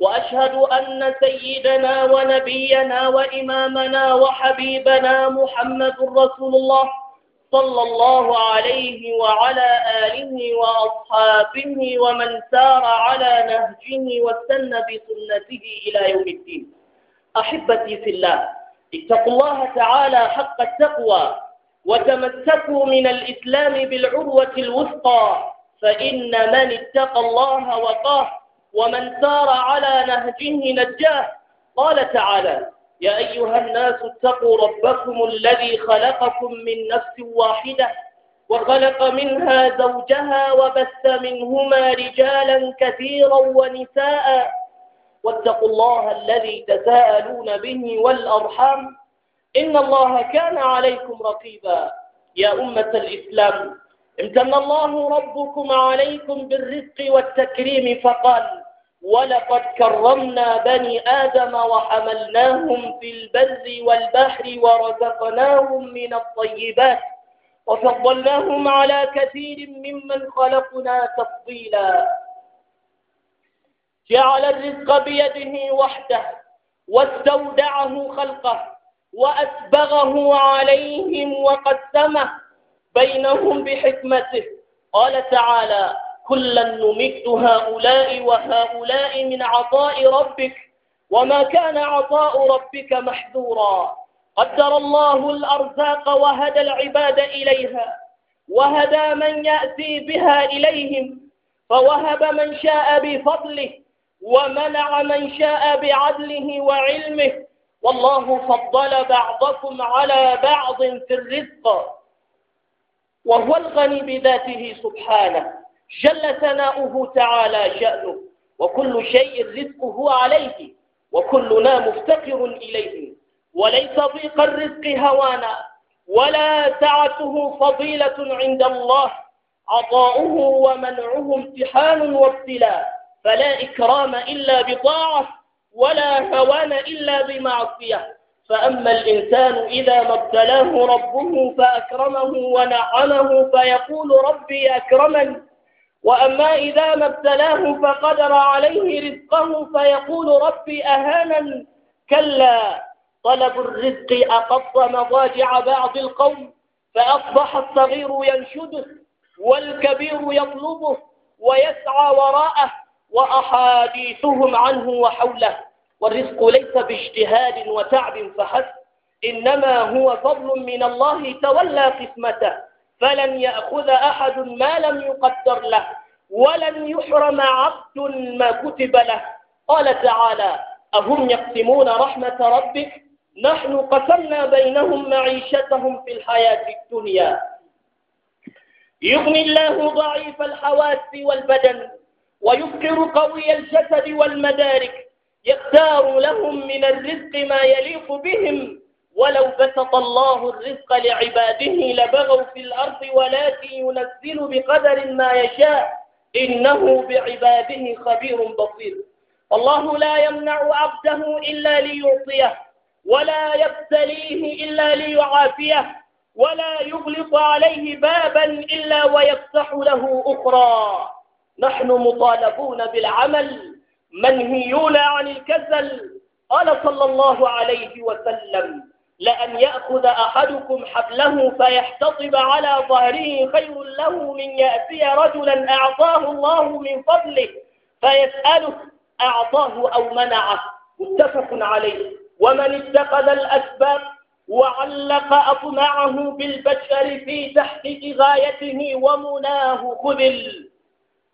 وأشهد أن سيدنا ونبينا وإمامنا وحبيبنا محمد رسول الله صلى الله عليه وعلى آله وأصحابه ومن سار على نهجه واستنى بسنته إلى يوم الدين أحبتي في الله اتقوا الله تعالى حق التقوى وتمسكوا من الإسلام بالعروة الوثقى فإن من اتقى الله وقاه ومن سار على نهجه نجاه قال تعالى يا أيها الناس اتقوا ربكم الذي خلقكم من نفس واحدة وخلق منها زوجها وبث منهما رجالا كثيرا ونساء واتقوا الله الذي تساءلون به والأرحام إن الله كان عليكم رقيبا يا أمة الإسلام امتن الله ربكم عليكم بالرزق والتكريم فقال ولقد كرمنا بني آدم وحملناهم في البر والبحر ورزقناهم من الطيبات وفضلناهم على كثير ممن خلقنا تفضيلا جعل الرزق بيده وحده واستودعه خلقه وأسبغه عليهم وقسمه بينهم بحكمته قال تعالى كلا نمد هؤلاء وهؤلاء من عطاء ربك وما كان عطاء ربك محذورا قدر الله الأرزاق وهدى العباد إليها وهدى من يأتي بها إليهم فوهب من شاء بفضله ومنع من شاء بعدله وعلمه والله فضل بعضكم على بعض في الرزق وهو الغني بذاته سبحانه جل ثناؤه تعالى شأنه وكل شيء رزقه عليه وكلنا مفتقر إليه وليس ضيق الرزق هوانا ولا سعته فضيلة عند الله عطاؤه ومنعه امتحان وابتلاء فلا إكرام إلا بطاعة ولا هوان إلا بمعصية فأما الإنسان إذا ما ابتلاه ربه فأكرمه ونعمه فيقول ربي أكرمن وأما إذا ما ابتلاه فقدر عليه رزقه فيقول ربي أهانن كلا طلب الرزق أقص مضاجع بعض القوم فأصبح الصغير ينشده والكبير يطلبه ويسعى وراءه وأحاديثهم عنه وحوله والرزق ليس باجتهاد وتعب فحسب إنما هو فضل من الله تولى قسمته فلن يأخذ أحد ما لم يقدر له ولن يحرم عبد ما كتب له قال تعالى أهم يقسمون رحمة ربك نحن قسمنا بينهم معيشتهم في الحياة الدنيا يغني الله ضعيف الحواس والبدن ويفقر قوي الجسد والمدارك يختار لهم من الرزق ما يليق بهم ولو بسط الله الرزق لعباده لبغوا في الأرض ولكن ينزل بقدر ما يشاء إنه بعباده خبير بصير الله لا يمنع عبده إلا ليعطيه ولا يبتليه إلا ليعافيه ولا يغلق عليه بابا إلا ويفتح له أخرى نحن مطالبون بالعمل منهيون عن الكسل قال صلى الله عليه وسلم لأن يأخذ أحدكم حبله فيحتطب على ظهره خير له من يأتي رجلا أعطاه الله من فضله فيسأله أعطاه أو منعه متفق عليه ومن اتخذ الأسباب وعلق أطمعه بالبشر في تحقيق غايته ومناه خذل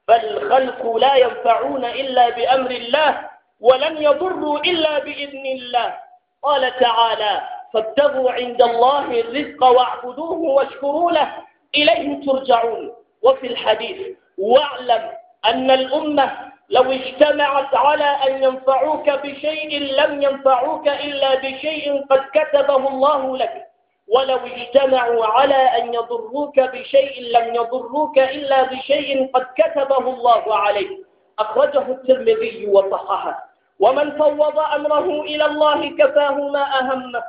فالخلق لا ينفعون إلا بأمر الله ولن يضروا إلا بإذن الله قال تعالى فابتغوا عند الله الرزق واعبدوه واشكروا له إليه ترجعون وفي الحديث واعلم أن الأمة لو اجتمعت على أن ينفعوك بشيء لم ينفعوك إلا بشيء قد كتبه الله لك ولو اجتمعوا على أن يضروك بشيء لم يضروك إلا بشيء قد كتبه الله عليك أخرجه الترمذي وصححه ومن فوض أمره إلى الله كفاه ما أهمه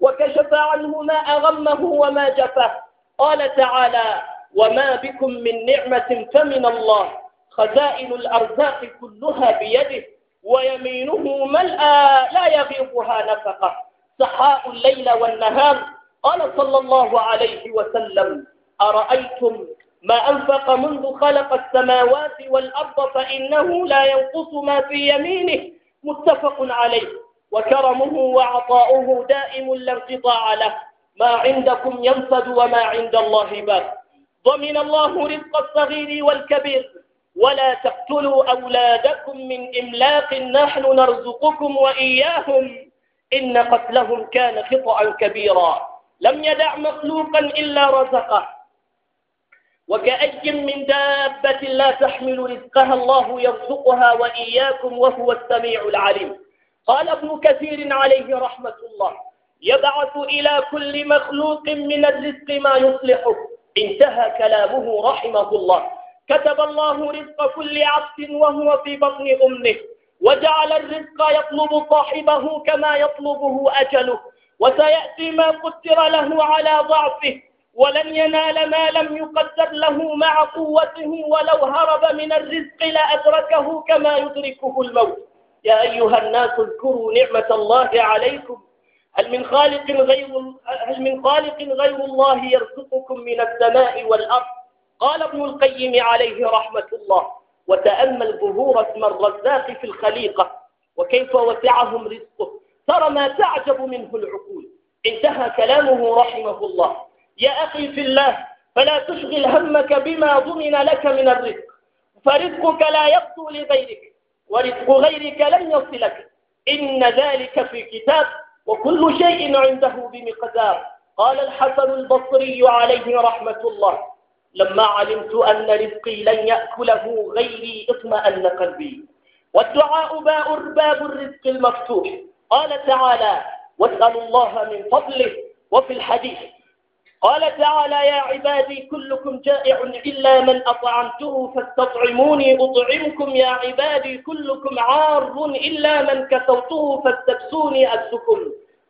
وكشف عنه ما أغمه وما جفاه قال تعالى وما بكم من نعمة فمن الله خزائن الأرزاق كلها بيده ويمينه ملأى لا يغيظها نفقه سحاء الليل والنهار قال صلى الله عليه وسلم أرأيتم ما أنفق منذ خلق السماوات والأرض فإنه لا ينقص ما في يمينه متفق عليه وكرمه وعطاؤه دائم لا انقطاع له ما عندكم ينفد وما عند الله باق ضمن الله رزق الصغير والكبير ولا تقتلوا أولادكم من إملاق نحن نرزقكم وإياهم إن قتلهم كان خطأ كبيرا لم يدع مخلوقا إلا رزقه وكأي من دابة لا تحمل رزقها الله يرزقها وإياكم وهو السميع العليم قال ابن كثير عليه رحمة الله يبعث إلى كل مخلوق من الرزق ما يصلحه انتهى كلامه رحمه الله كتب الله رزق كل عبد وهو في بطن أمه وجعل الرزق يطلب صاحبه كما يطلبه أجله وسيأتي ما قدر له على ضعفه ولن ينال ما لم يقدر له مع قوته ولو هرب من الرزق لأدركه كما يدركه الموت يا أيها الناس اذكروا نعمة الله عليكم هل من خالق غير هل من خالق غير الله يرزقكم من السماء والأرض قال ابن القيم عليه رحمة الله وتأمل ظهور اسم الرزاق في الخليقة وكيف وسعهم رزقه ترى ما تعجب منه العقول انتهى كلامه رحمه الله يا أخي في الله فلا تشغل همك بما ضمن لك من الرزق فرزقك لا يبدو لغيرك ورزق غيرك لن يصلك إن ذلك في كتاب وكل شيء عنده بمقدار قال الحسن البصري عليه رحمة الله لما علمت أن رزقي لن يأكله غيري اطمأن قلبي والدعاء باء باب الرزق المفتوح قال تعالى واسألوا الله من فضله وفي الحديث قال تعالى يا عبادي كلكم جائع إلا من أطعمته فاستطعموني أطعمكم يا عبادي كلكم عار إلا من كسوته فاستبسوني أسكم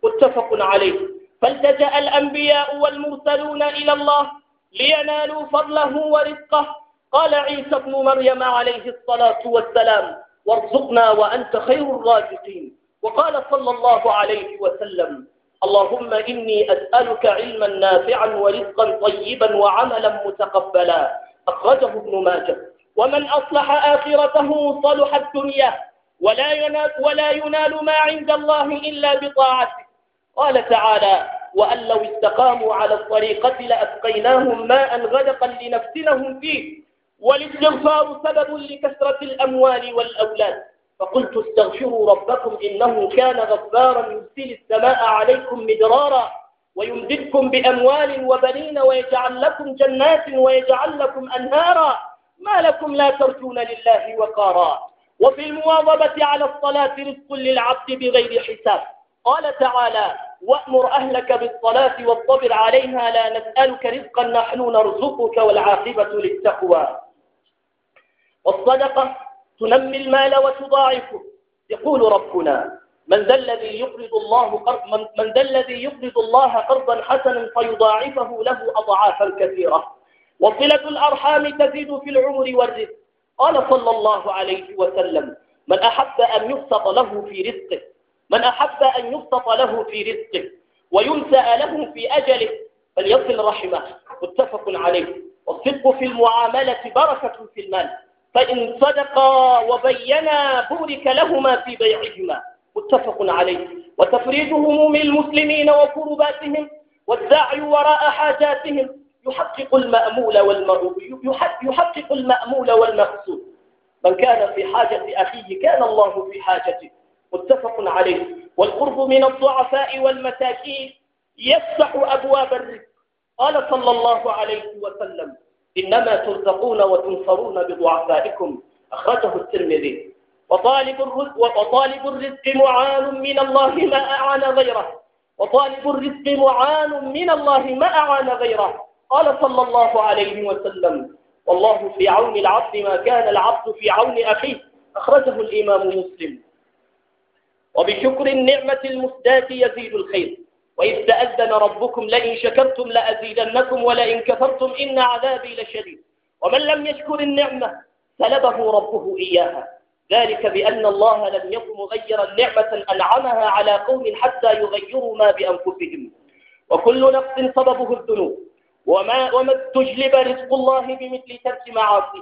متفق عليه فالتجأ الأنبياء والمرسلون إلى الله لينالوا فضله ورزقه قال عيسى ابن مريم عليه الصلاة والسلام وارزقنا وأنت خير الرازقين وقال صلى الله عليه وسلم اللهم إني أسألك علما نافعا ورزقا طيبا وعملا متقبلا أخرجه ابن ماجه ومن أصلح آخرته صلح الدنيا ولا ينال, ولا ينال ما عند الله إلا بطاعته قال تعالى وأن لو استقاموا على الطريقة لأسقيناهم ماء غدقا لنفتنهم فيه والاستغفار سبب لكثرة الأموال والأولاد فقلت استغفروا ربكم إنه كان غفارا يرسل السماء عليكم مدرارا ويمددكم بأموال وبنين ويجعل لكم جنات ويجعل لكم أنهارا ما لكم لا ترجون لله وقارا وفي المواظبة على الصلاة رزق للعبد بغير حساب قال تعالى وأمر أهلك بالصلاة والصبر عليها لا نسألك رزقا نحن نرزقك والعاقبة للتقوى والصدقة تنمي المال وتضاعفه يقول ربنا من ذا الذي يقرض الله قرض من, من ذا الذي يقرض الله قرضا حسنا فيضاعفه له أضعافا كثيرة وصلة الأرحام تزيد في العمر والرزق قال صلى الله عليه وسلم من أحب أن يبسط له في رزقه من أحب أن يبسط له في رزقه وينسأ له في أجله فليصل رحمه متفق عليه والصدق في المعاملة بركة في المال فإن صدقا وبينا بورك لهما في بيعهما متفق عليه وتفريج هموم المسلمين وكرباتهم والداعي وراء حاجاتهم يحقق المأمول يحقق المأمول والمقصود من كان في حاجة أخيه كان الله في حاجته متفق عليه والقرب من الضعفاء والمساكين يفتح أبواب الرزق قال صلى الله عليه وسلم إنما ترزقون وتنصرون بضعفائكم أخرجه الترمذي وطالب الرزق وطالب الرزق معان من الله ما أعان غيره وطالب الرزق معان من الله ما أعان غيره قال صلى الله عليه وسلم والله في عون العبد ما كان العبد في عون أخيه أخرجه الإمام مسلم وبشكر النعمة المسداة يزيد الخير وإذ تأذن ربكم لئن شكرتم لأزيدنكم ولئن كفرتم إن عذابي لشديد ومن لم يشكر النعمة سلبه ربه إياها ذلك بأن الله لم يقم مغيرا نعمة أنعمها على قوم حتى يغيروا ما بأنفسهم وكل نفس سببه الذنوب وما, وما تجلب رزق الله بمثل ترك معاصي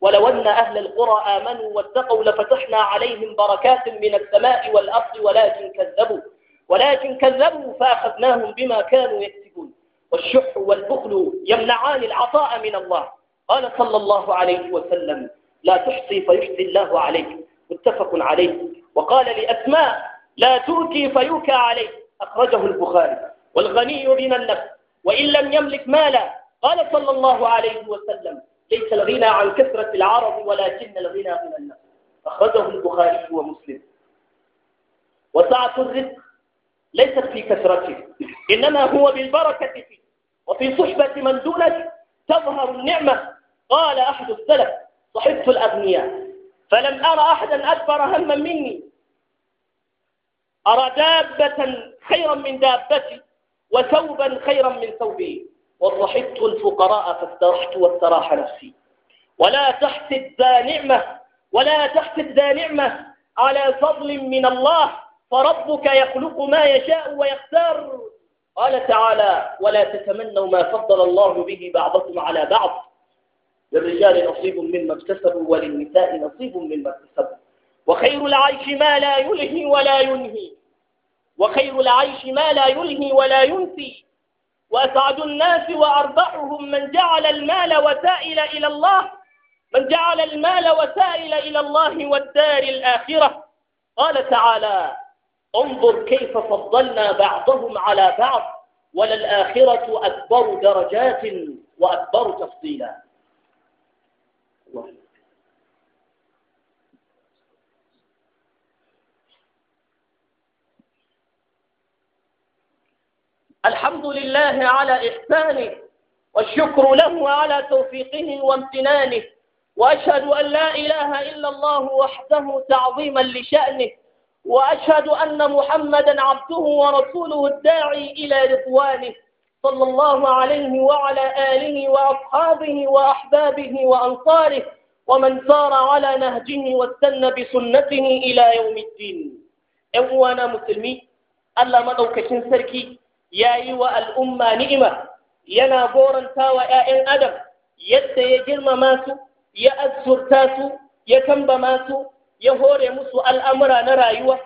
ولو أن أهل القرى آمنوا واتقوا لفتحنا عليهم بركات من السماء والأرض ولكن كذبوا ولكن كذبوا فأخذناهم بما كانوا يكسبون والشح والبخل يمنعان العطاء من الله قال صلى الله عليه وسلم لا تحصي فيحصي الله عليك متفق عليه وقال لأسماء لا تؤتي فيوكى عليك أخرجه البخاري والغني غنى النفس وإن لم يملك مالا قال صلى الله عليه وسلم ليس الغنى عن كثرة العرب ولكن الغنى من النفس أخرجه البخاري ومسلم وسعة الرزق ليست في كثرته إنما هو بالبركة فيه وفي صحبة من دونك تظهر النعمة قال أحد السلف صحبت الأغنياء فلم أرى أحدا أكبر هما مني أرى دابة خيرا من دابتي وثوبا خيرا من ثوبي وصحبت الفقراء فاسترحت واستراح نفسي ولا تحسد ذا نعمة ولا تحسد ذا نعمة على فضل من الله فربك يخلق ما يشاء ويختار قال تعالى ولا تتمنوا ما فضل الله به بعضكم على بعض للرجال نصيب مما اكتسبوا وللنساء نصيب مما اكتسبوا وخير العيش ما لا يلهي ولا ينهي وخير العيش ما لا يلهي ولا ينسي وأسعد الناس وأربعهم من جعل المال وسائل إلى الله من جعل المال وسائل إلى الله والدار الآخرة قال تعالى انظر كيف فضلنا بعضهم على بعض وللآخرة أكبر درجات وأكبر تفضيلا الحمد لله على إحسانه والشكر له على توفيقه وامتنانه وأشهد أن لا إله إلا الله وحده تعظيما لشأنه وأشهد أن محمدا عبده ورسوله الداعي إلى رضوانه صلى الله عليه وعلى آله وأصحابه وأحبابه وأنصاره ومن سار على نهجه واستنى بسنته إلى يوم الدين أخوانا مسلمي ألا كشن سركي يا أيوة الأمة نئمة ينا بورا تاوى إن أدم يد يجرم ماسو يأذر تاسو يكنب ماسو ya hore musu al'amura na rayuwa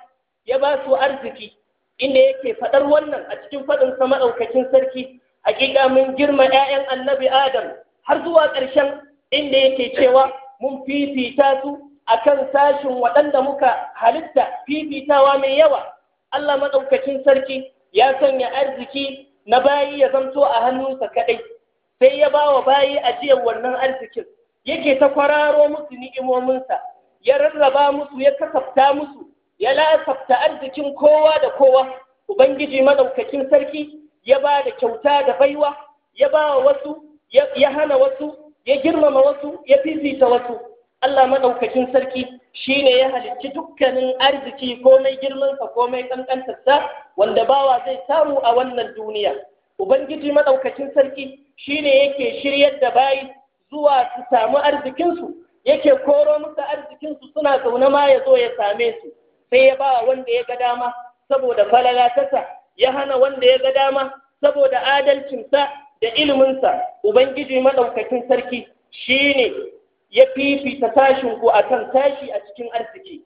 ya ba su arziki inda yake faɗar wannan a cikin faɗin sama ɗaukakin sarki haƙiƙa mun girma 'ya'yan annabi adam har zuwa ƙarshen inda yake cewa mun fifita su a kan sashin waɗanda muka halitta fifitawa mai yawa Allah maɗaukacin sarki ya sanya arziki na bayi ya zamto a hannunsa kaɗai sai ya ba wa bayi ajiyar wannan arzikin yake ta kwararo musu ni'imominsa ya rarraba musu ya kasafta musu ya lasafta arzikin kowa da kowa ubangiji madaukakin sarki ya ba da kyauta da baiwa ya ba wasu ya hana wasu ya girmama wasu ya fifita wasu Allah madaukakin sarki shine ya halicci dukkanin arziki komai girmansa komai kankantarsa wanda bawa zai samu a wannan duniya ubangiji madaukakin sarki shine yake shiryar da bayi zuwa su samu arzikinsu yake koro musu arzikinsu suna zaune ma ya zo ya same su sai ya ba wanda ya ga dama saboda falalatasa ya hana wanda ya ga dama saboda adalcinsa da iliminsa ubangiji maɗaukakin sarki shine ya fifita tashin ku akan tashi a cikin arziki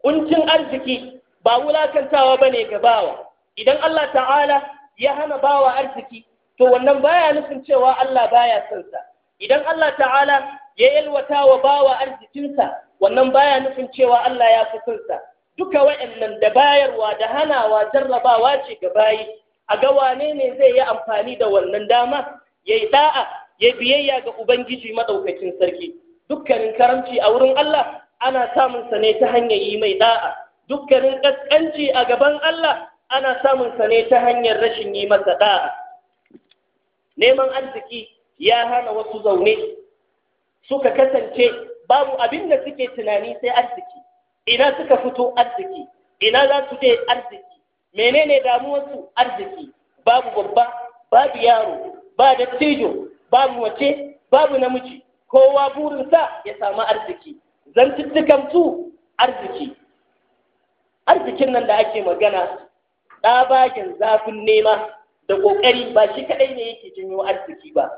kuncin arziki ba wulakantawa ne ga bawa idan Allah ta'ala ya hana bawa arziki to wannan baya nufin cewa Allah baya son sa idan Allah ta'ala ya yalwata wa bawa arzikinsa wannan baya nufin cewa Allah ya fi sunsa duka wa'annan da bayarwa da hanawa jarrabawa ce ga bayi a ga wane ne zai yi amfani da wannan dama ya yi da'a ya biyayya ga ubangiji madaukakin sarki dukkanin karamci a wurin Allah ana samun sa ne ta hanyar yi mai da'a dukkanin kaskanci a gaban Allah ana samun sa ne ta hanyar rashin yi masa da'a neman arziki ya hana wasu zaune suka kasance babu abin da suke tunani sai arziki ina suka fito arziki ina za su je arziki menene damuwarsu arziki babu babba babu yaro ba dattijo babu wace babu namiji kowa burinsa ya samu arziki zantuttukan su arziki arzikin nan da ake magana ɗabagen zafin nema da ƙoƙari ba shi kaɗai ne yake janyo arziki ba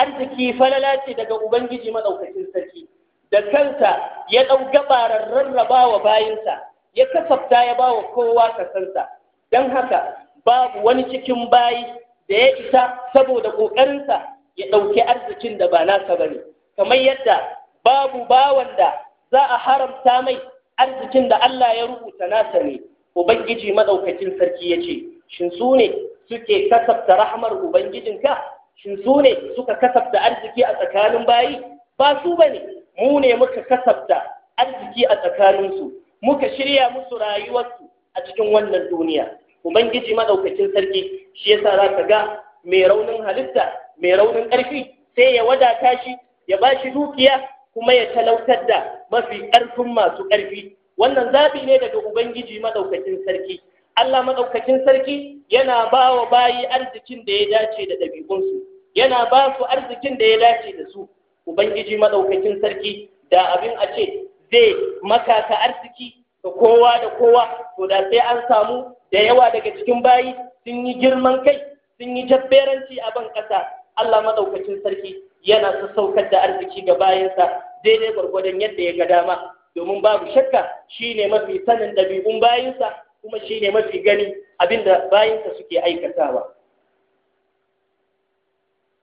arziki falala ce daga ubangiji maɗaukacin sarki da kansa ya ɗau gabarar rarraba wa bayinsa ya kasafta ya ba wa kowa kasansa don haka babu wani cikin bayi da ya isa saboda ƙoƙarinsa ya ɗauki arzikin da ba nasa ba ne kamar yadda babu bawan da za a haramta mai arzikin da Allah ya rubuta nasa ne ubangiji maɗaukacin sarki ya ce shin su ne suke kasafta rahmar ubangijinka shin su ne suka kasafta arziki a tsakanin bayi ba su ba ne mu ne muka kasafta arziki a tsakaninsu muka shirya musu rayuwarsu a cikin wannan duniya ubangiji madaukakin sarki shi ya sa za ka ga mai raunin halitta mai raunin ƙarfi sai ya wadata shi ya ba shi dukiya kuma ya talautar da mafi ƙarfin masu ƙarfi wannan zaɓi ne daga ubangiji madaukakin sarki Allah madaukakin sarki yana ba wa bayi arzikin da ya dace da ɗabi'unsu yana ba su arzikin da ya dace da su ubangiji madaukakin sarki da abin a ce zai maka ka arziki da kowa da kowa to da sai an samu da yawa daga cikin bayi sun yi girman kai sun yi jabberanci a ban ƙasa Allah madaukakin sarki yana sassaukar da arziki ga bayansa daidai gwargwadon yadda ya ga dama domin babu shakka shine mafi sanin ɗabi'un bayinsa kuma shine mafi gani abinda bayinsa suke aikatawa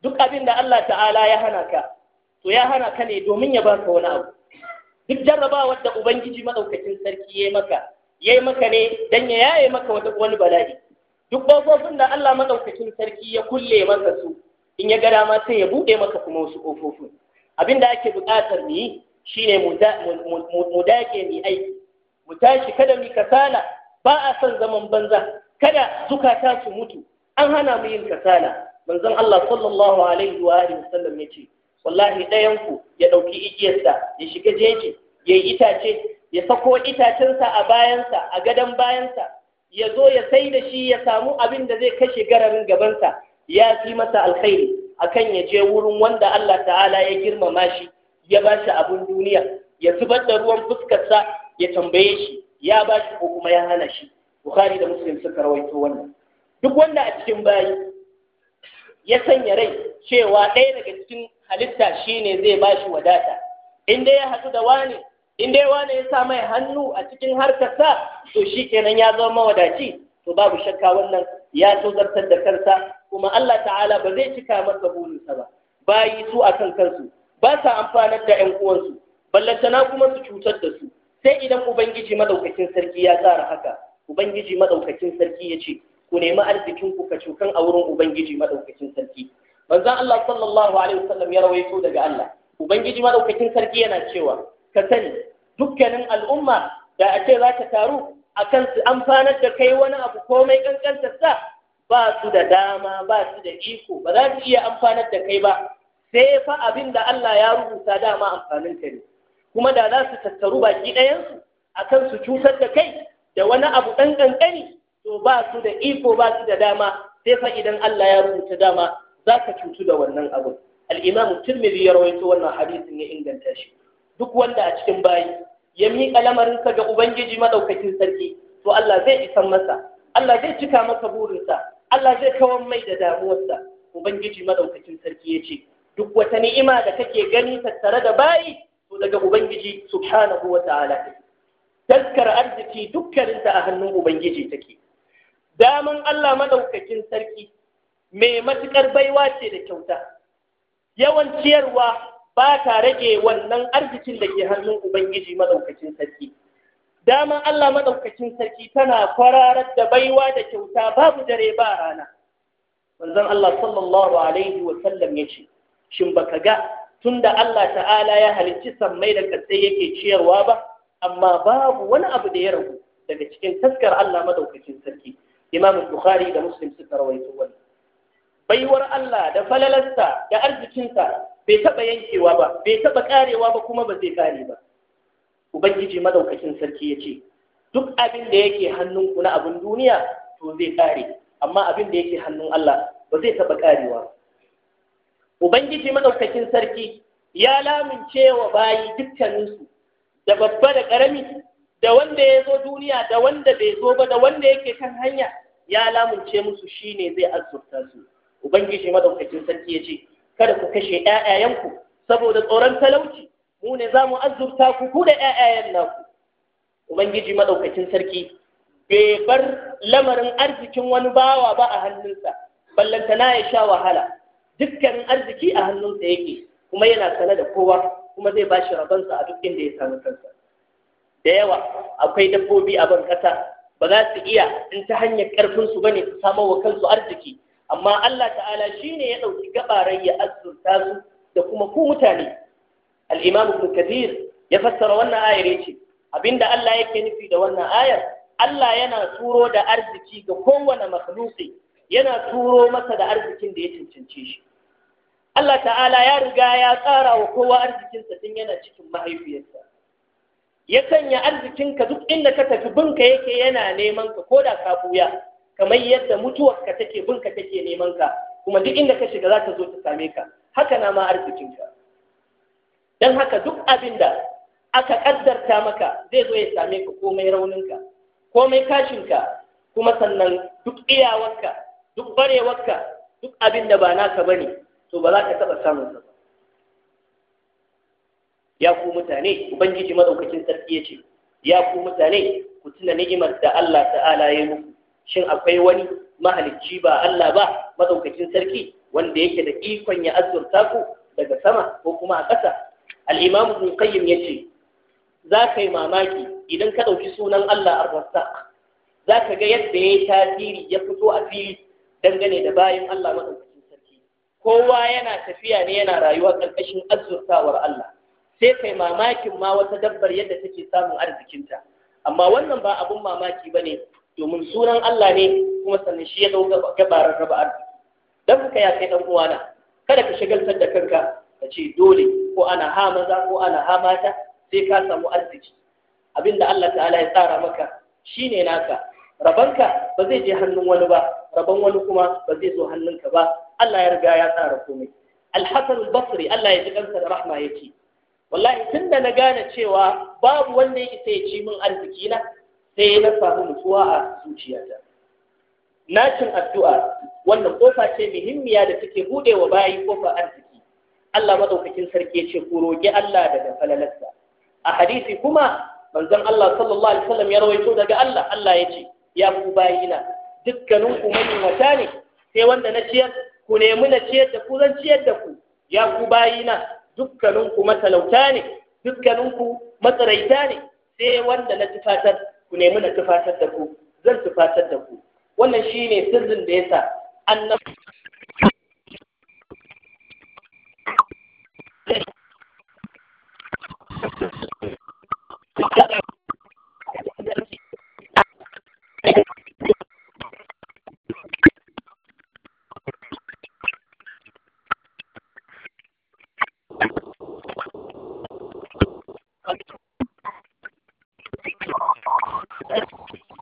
duk abin da Allah ta'ala ya hana ka to ya hana ka ne domin ya baka wani abu duk jarrabawar da ubangiji madaukakin sarki yayi maka yayi maka ne dan ya yaye maka wata wani bala'i duk ƙofofin da Allah madaukakin sarki ya kulle maka su in ya ga dama sai ya buɗe maka kuma wasu kofofin abin da ake buƙatar mu shine mu dage mu aiki mu tashi kada mu kasala ba a son zaman banza kada zukata su mutu an hana mu yin kasala manzon Allah sallallahu alaihi wa alihi wasallam yace wallahi ɗayan ku ya ɗauki igiyarsa ya shiga jeji yayi itace ya sako itacensa a bayansa a gadon bayansa ya zo ya sai da shi ya samu abin da zai kashe gararin gabansa ya fi masa alkhairi akan ya je wurin wanda Allah ta'ala ya girmama shi ya ba shi abin duniya ya zubar da ruwan fuskarsa ya tambaye shi ya ba shi ko kuma ya hana shi bukhari da muslim suka rawaito wannan duk wanda a cikin bayi ya sanya rai cewa ɗaya daga cikin halitta shine zai ba shi wadata in dai ya haɗu da wani inda ya wani ya sa mai hannu a cikin harkarsa to shi kenan ya zama mawadaci to babu shakka wannan ya tozartar da karsa, kuma Allah ta'ala ba zai cika masa burinsa ba bayi su a kan kansu ba sa amfanar da ƴan uwansu ballantana kuma su cutar da su sai idan ubangiji madaukakin sarki ya tsara haka ubangiji madaukakin sarki ya ce ku nemi arzikin ku kacukan a wurin ubangiji madaukakin sarki manzon Allah sallallahu alaihi wasallam ya rawaito daga Allah ubangiji madaukakin sarki yana cewa ka sani dukkanin al'umma da a ce za ta taru akan su amfanar da kai wani abu komai kankantar sa ba su da dama ba su da iko ba za su iya amfanar da kai ba sai fa abin da Allah ya rubuta dama amfanin ka ne kuma da za su tattaru baki ɗayansu akan su cutar da kai da wani abu ɗan ƙanƙani to ba su da iko ba su da dama sai fa idan Allah ya rubuta dama za ka cutu da wannan abu al-imamu tirmidhi ya rawaito wannan hadisin ya inganta shi duk wanda a cikin bayi ya miƙa lamarinsa ga ubangiji madaukakin sarki to Allah zai isa masa Allah zai cika masa burinsa Allah zai kawar mai da damuwarsa ubangiji madaukakin sarki ya ce duk wata ni'ima da kake gani tattare da bayi to daga ubangiji subhanahu wa ta'ala taskar arziki dukkaninta a hannun ubangiji take daman Allah madaukakin sarki mai matuƙar baiwa ce da kyauta yawan ciyarwa ba ta rage wannan arzikin da ke hannun ubangiji madaukakin sarki daman Allah madaukakin sarki tana kwararar da baiwa da kyauta babu dare ba rana manzon Allah sallallahu alaihi wa sallam yace shin baka ga tunda Allah ta'ala ya halicci sammai da kasai yake ciyarwa ba amma babu wani abu da ya ragu daga cikin taskar Allah madaukakin sarki imamu bukhari da muslim suka rawaito wannan baiwar Allah da falalarsa da arzikinsa bai taɓa yankewa ba bai taɓa karewa ba kuma ba zai kare ba ubangiji madaukakin sarki ya ce duk abin da yake hannunku na abin duniya to zai kare amma abin da yake hannun Allah ba zai taɓa karewa ubangiji madaukakin sarki ya lamince wa bayi dukkaninsu da babba da ƙarami da wanda ya zo duniya da wanda bai zo ba da wanda yake kan hanya ya lamunce musu shine zai azurta su ubangiji madaukakin sarki ya ce kada ku kashe ƴaƴayenku saboda tsoron talauci mu ne za mu azurta ku ku da ƴaƴayen naku ubangiji madaukakin sarki bai bar lamarin arzikin wani bawa ba a hannunsa na ya sha wahala dukkanin arziki a hannunsa yake kuma yana sane da kowa kuma zai bashi rabonsa a duk inda ya samu kansa da yawa akwai dabbobi a ban kasa ba za su iya in ta hanyar ƙarfinsu ba ne su samu wa kansu arziki amma Allah ta'ala shi ne ya ɗauki gabarai ya azurta su da kuma ku mutane al'imamu ibn kathir ya fassara wannan ayar yace ce abinda Allah yake nufi da wannan ayar Allah yana turo da arziki ga kowane makhluqi yana turo masa da arzikin da ya cancance shi Allah ta'ala ya riga ya tsara wa kowa arzikinsa tun yana cikin mahaifiyarsa ya sanya arzikinka duk inda ka tafi binka yake yana neman ka koda ka buya kamar yadda mutuwarka take binka take neman ka kuma duk inda ka shiga za ta zo ta same ka haka na ma arzikinka don haka duk abin da aka ƙaddarta maka zai zo ya same ka komai rauninka komai kashinka kuma sannan duk iyawarka duk ƙwarewarka duk abin da ba naka bane to ba za ka taɓa samun sa ya ku mutane ubangiji madaukakin sarki ya ya ku mutane ku tuna ni'imar da Allah ta'ala ya muku shin akwai wani mahalicci ba Allah ba madaukakin sarki wanda yake da ikon ya azurta ku daga sama ko kuma a ƙasa al-imamu ibn qayyim yace za ka yi mamaki idan ka ɗauki sunan Allah ar-razzaq za ka ga yadda ya yi tasiri ya fito a fili dangane da bayan Allah madaukakin sarki kowa yana tafiya ne yana rayuwa ƙarƙashin azurtawar Allah sai kai mamakin ma wata dabbar yadda take samun arzikinta amma wannan ba abun mamaki bane domin sunan Allah ne kuma sannan shi ya dau gabarar raba arziki dan ka ya kai dan uwana kada ka shagaltar da kanka ka ce dole ko ana ha maza ko ana ha mata sai ka samu arziki abinda Allah ta'ala ya tsara maka shine naka rabanka ba zai je hannun wani ba raban wani kuma ba zai zo hannunka ba Allah ya riga ya tsara komai al-Hasan al-Basri Allah ya ji kansa da rahma yake wallahi tun da na gane cewa babu wanda ya isa ya ci min arziki na sai na samu nutsuwa a zuciyata cin addu'a wannan kofa ce muhimmiya da take bude wa bayi kofar arziki Allah madaukakin sarki ya ce ku roki Allah daga falalarsa a hadisi kuma manzon Allah sallallahu alaihi wasallam ya rawaito daga Allah Allah ya ce ya ku bayina dukkanin ku mai wata ne sai wanda na ciyar ku nemi na ciyar da ku zan ciyar da ku ya ku bayina dukkaninku matalauta ne dukkaninku matsaraita ne sai wanda na tufatar ku nemi na tufatar da ku zan tufatar da ku wannan shi ne sirrin da ya yasa annabi Thank you.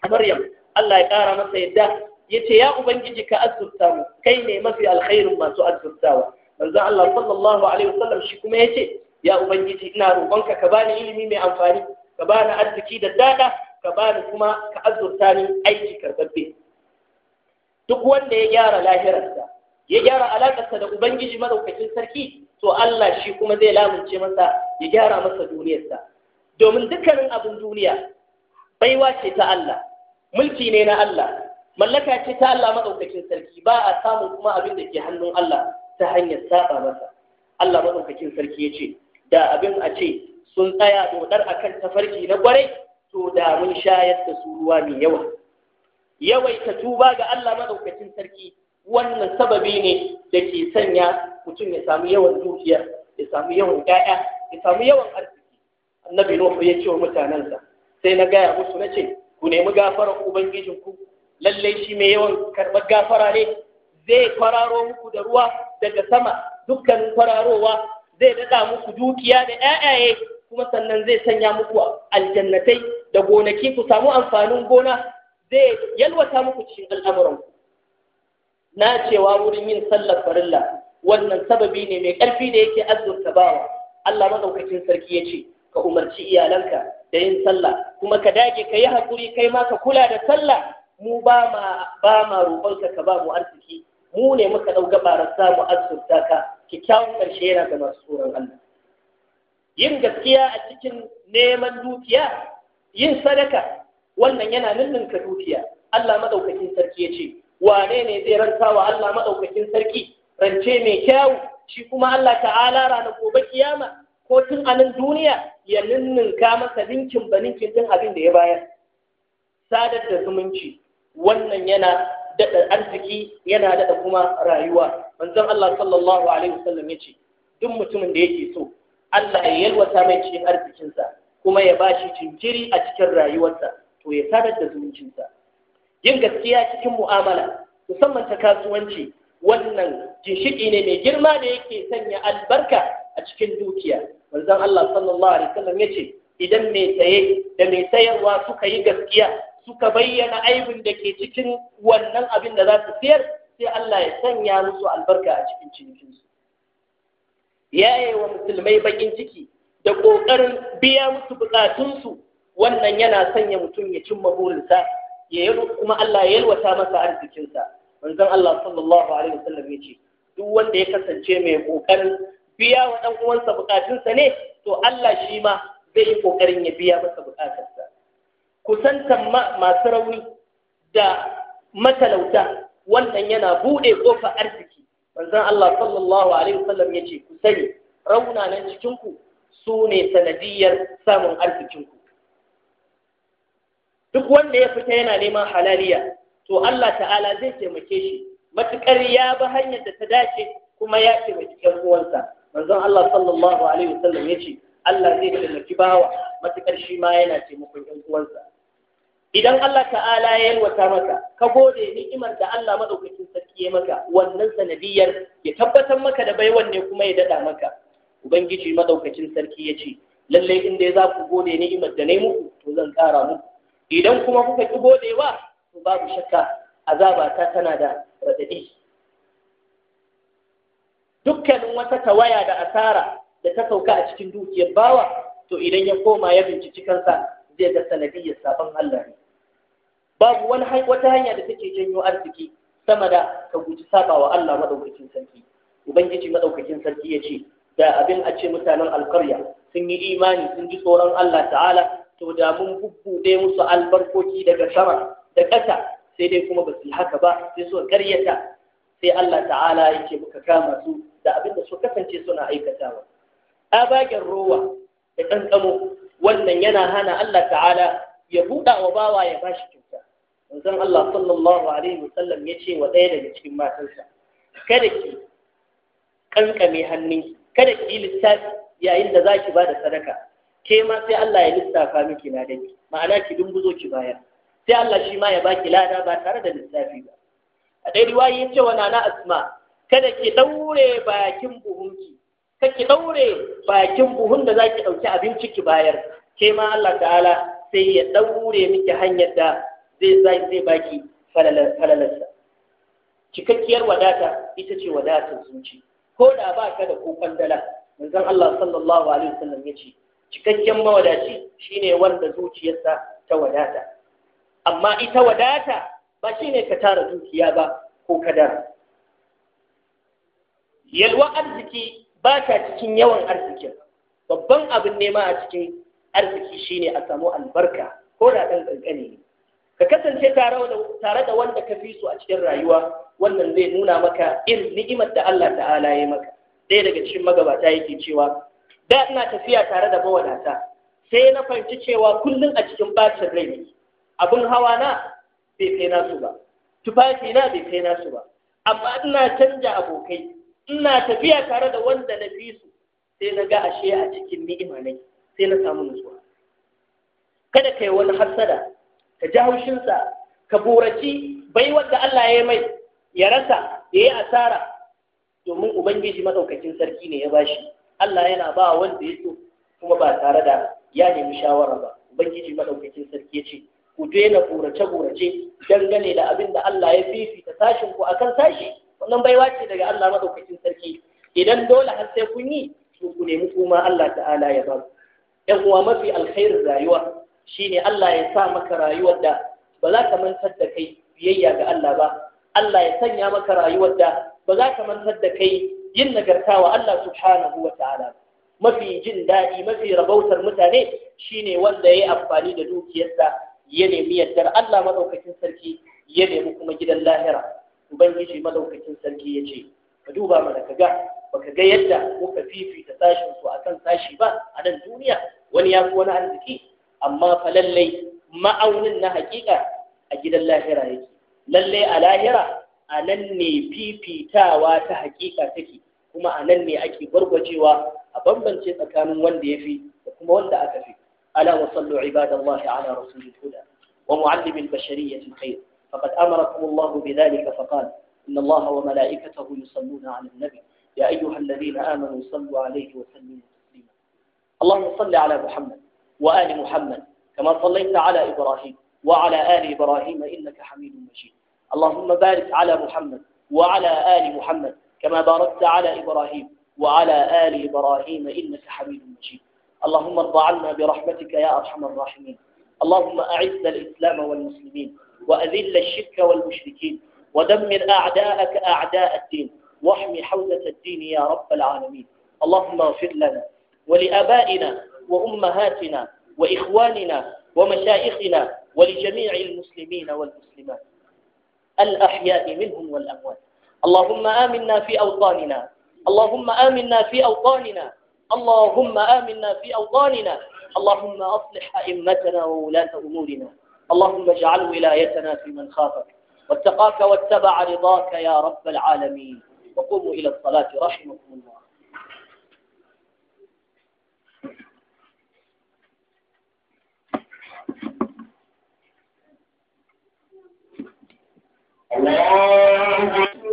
Maryam Allah ya ƙara masa yadda ya ce ya Ubangiji ka azurta mu kai ne mafi alkhairin masu azurtawa manzo Allah sallallahu alaihi wasallam shi kuma ya ce ya Ubangiji ina roƙonka ka bani ilimi mai amfani ka bani arziki da dada ka bani kuma ka azurta ni aiki karbabbe. duk wanda ya gyara lahirarsa ya gyara alaƙarsa da Ubangiji madaukakin sarki to Allah shi kuma zai lamunce masa ya gyara masa duniyarsa domin dukkanin abin duniya baiwa ce ta Allah mulki ne na Allah mallaka ce ta Allah madaukakin sarki ba a samun kuma abin da ke hannun Allah ta hanyar saba masa Allah madaukakin sarki ya ce da abin a ce sun tsaya dodar akan tafarki na kwarai to da mun shayar da su ruwa mai yawa yawaita tuba ga Allah madaukakin sarki wannan sababi ne da ke sanya mutum ya samu yawan dukiya ya samu yawan ƴaƴa ya samu yawan arziki annabi nuhu ya ce wa mutanensa sai na gaya musu na ce ku nemi gafarar ku. lallai shi mai yawan karɓar gafara ne zai kwararo muku da ruwa daga sama dukkan kwararowa zai daɗa muku dukiya da ƴaƴaye kuma sannan zai sanya muku aljannatai da gonaki ku samu amfanin gona zai yalwata muku cikin al'amuran. na cewa wurin yin sallar farilla wannan sababi ne mai ƙarfi da yake azurta bawa Allah madaukakin sarki ya ce ka umarci iyalanka da yin sallah kuma ka dage ka yi haƙuri kai ma ka kula da sallah mu ba ma ba ma ka ba mu arziki mu ne muka ɗau gabarar mu azurta ka kyakkyawan ƙarshe yana da masu tsoron Allah yin gaskiya a cikin neman dukiya yin sadaka wannan yana ka dukiya Allah madaukakin sarki ya ce wane ne zai ranta wa Allah madaukakin sarki rance mai kyawu shi kuma Allah ta'ala ranar gobe kiyama ko tun a duniya ya ninninka masa ninkin ba ninkin tun abin da ya bayar sadar da zumunci wannan yana daɗa arziki yana daɗa kuma rayuwa manzon Allah sallallahu alaihi wasallam ya ce duk mutumin da yake so Allah ya yalwata mai cikin arzikinsa kuma ya ba shi jinkiri a cikin rayuwarsa to ya sadar da zumuncinsa yin gaskiya cikin mu'amala musamman ta kasuwanci wannan ginshiki ne mai girma da yake sanya albarka a cikin dukiya manzon Allah sallallahu alaihi wasallam yace idan mai tsaye da mai sayarwa suka yi gaskiya suka bayyana aibin da ke cikin wannan abin da za su sayar sai Allah ya sanya musu albarka a cikin cinikinsu ya yi wa musulmai bakin ciki da ƙoƙarin biya musu buƙatunsu wannan yana sanya mutum ya cimma burinsa ya yi kuma Allah ya yalwata masa arzikinsa manzon Allah sallallahu alaihi wasallam ya duk wanda ya kasance mai ƙoƙarin biya wa ɗan uwansa bukatunsa ne to Allah shi ma zai yi ƙoƙarin ya biya masa bukatarsa kusantan masu rauni da matalauta wannan yana buɗe ƙofar arziki manzon Allah sallallahu alaihi wasallam ya ce ku sani raunanan cikinku su ne sanadiyar samun arzikinku duk wanda ya fita yana neman halaliya to Allah ta'ala zai taimake shi matukar ya bi hanyar da ta dace kuma ya taimaki cikin uwansa manzon Allah sallallahu alaihi wasallam yace Allah zai taimaki bawa matukar shi ma yana taimakon ƴan uwansa idan Allah ta'ala ya yalwata maka ka gode ni'imar da Allah madaukakin sarki ya maka wannan sanadiyar ya tabbatar maka da baiwan ne kuma ya dada maka ubangiji madaukakin sarki yace lallai in dai za ku gode ni'imar da nayi muku to zan ƙara muku idan kuma kuka ki godewa to babu shakka azaba ta tana da radadi dukkanin wata tawaya da asara da ta sauka a cikin dukiyar bawa to idan ya koma ya binciki kansa zai ga sanadiyyar sabon Allah ne babu wani wata hanya da take janyo arziki sama da ka guji sabawa Allah madaukakin sarki ubangiji madaukakin sarki ya ce da abin a ce mutanen alkarya sun yi imani sun ji tsoron Allah ta'ala to da mun bubbuɗe musu albarkoki daga sama da ƙasa sai dai kuma ba su yi haka ba sai su karyata sai Allah ta'ala yake muka kama su da abinda da su kasance suna aikatawa abagen rowa da ƙanƙamo wannan yana hana Allah ta'ala ya buɗa wa bawa ya bashi kyauta manzon Allah sallallahu alaihi wasallam ya ce wa ɗaya daga cikin matansa kada ki kankame hannunki kada ki yi lissafi yayin da zaki ba da sadaka ke ma sai Allah ya lissafa miki ladanki ma'ana ki dumbuzo ki bayar sai Allah shi ma ya baki lada ba tare da lissafi ba a ɗaya riwayi ya ce wa nana asma kada ki ɗaure bakin buhunki ka ki ɗaure bakin buhun da zaki ɗauki abinci ki bayar ke ma Allah ta'ala sai ya ɗaure miki hanyar da zai zai baki falalarsa cikakkiyar wadata ita ce wadatar zuci ko da ba ka da ko kwandala manzon Allah sallallahu alaihi wasallam ya cikakken mawadaci shine wanda zuciyarsa ta wadata amma ita wadata ba shi ne ka tara dukiya ba ko kadar yalwa arziki ba ta cikin yawan arzikin babban abin nema a cikin arziki shine a samu albarka ko da ɗan ƙanƙani ka kasance tare da wanda ka fi su a cikin rayuwa wannan zai nuna maka irin ni'imar da Allah ta'ala ya maka ɗaya daga cikin magabata yake cewa da ina tafiya tare da mawadata sai na fahimci cewa kullum a cikin bacin rai abin hawa na bai kai nasu ba tufafi na bai kai nasu ba amma ina canja abokai ina tafiya tare da wanda na fi su sai na ga ashe a cikin ni'ima ne sai na samu nutsuwa kada kai wani hassada ka ji haushinsa ka buraci bai wanda Allah ya mai ya rasa ya yi asara domin ubangiji madaukakin sarki ne ya ba shi, Allah yana ba wanda ya so kuma ba tare da ya nemi shawara ba ubangiji madaukakin sarki ya ce ku daina gorace-gorace dangane da abin da Allah ya fifita tashin ku akan tashi wannan baiwa ce daga Allah maɗaukacin sarki idan dole har sai kun yi to ku nemi kuma Allah ta'ala ya ba Yan uwa mafi alkhairin rayuwa shine Allah ya sa maka rayuwar da ba za ka mantar da kai biyayya ga Allah ba Allah ya sanya maka rayuwar da ba za ka mantar da kai yin nagarta wa Allah subhanahu wa ta'ala mafi jin daɗi mafi rabautar mutane shine wanda ya yi amfani da dukiyarsa ya nemi Allah madaukakin sarki ya nemi kuma gidan lahira ubangiji madaukakin sarki ya ce ka duba mana ka ga baka ga yadda muka fifita sashin su akan sashi ba a nan duniya wani ya fi wani arziki amma fa lallai ma'aunin na hakika a gidan lahira yake lallai a lahira a nan ne fifitawa ta hakika take kuma a nan ne ake gwargwacewa a bambance tsakanin wanda ya fi da kuma wanda aka fi ألا وصلوا عباد الله على رسول الهدى ومعلم البشرية الخير فقد أمركم الله بذلك فقال إن الله وملائكته يصلون على النبي يا أيها الذين آمنوا صلوا عليه وسلموا تسليما اللهم صل على محمد وآل محمد كما صليت على إبراهيم وعلى آل إبراهيم إنك حميد مجيد اللهم بارك على محمد وعلى آل محمد كما باركت على إبراهيم وعلى آل إبراهيم إنك حميد مجيد اللهم ارض عنا برحمتك يا أرحم الراحمين اللهم أعز الإسلام والمسلمين وأذل الشرك والمشركين ودمر أعداءك أعداء الدين واحمي حوزة الدين يا رب العالمين اللهم اغفر لنا ولآبائنا وأمهاتنا وإخواننا ومشايخنا ولجميع المسلمين والمسلمات الأحياء منهم والأموات اللهم آمنا في أوطاننا اللهم آمنا في أوطاننا اللهم آمنا في أوطاننا اللهم أصلح أئمتنا وولاة أمورنا اللهم اجعل ولايتنا في من خافك واتقاك واتبع رضاك يا رب العالمين وقوموا إلى الصلاة رحمكم الله الله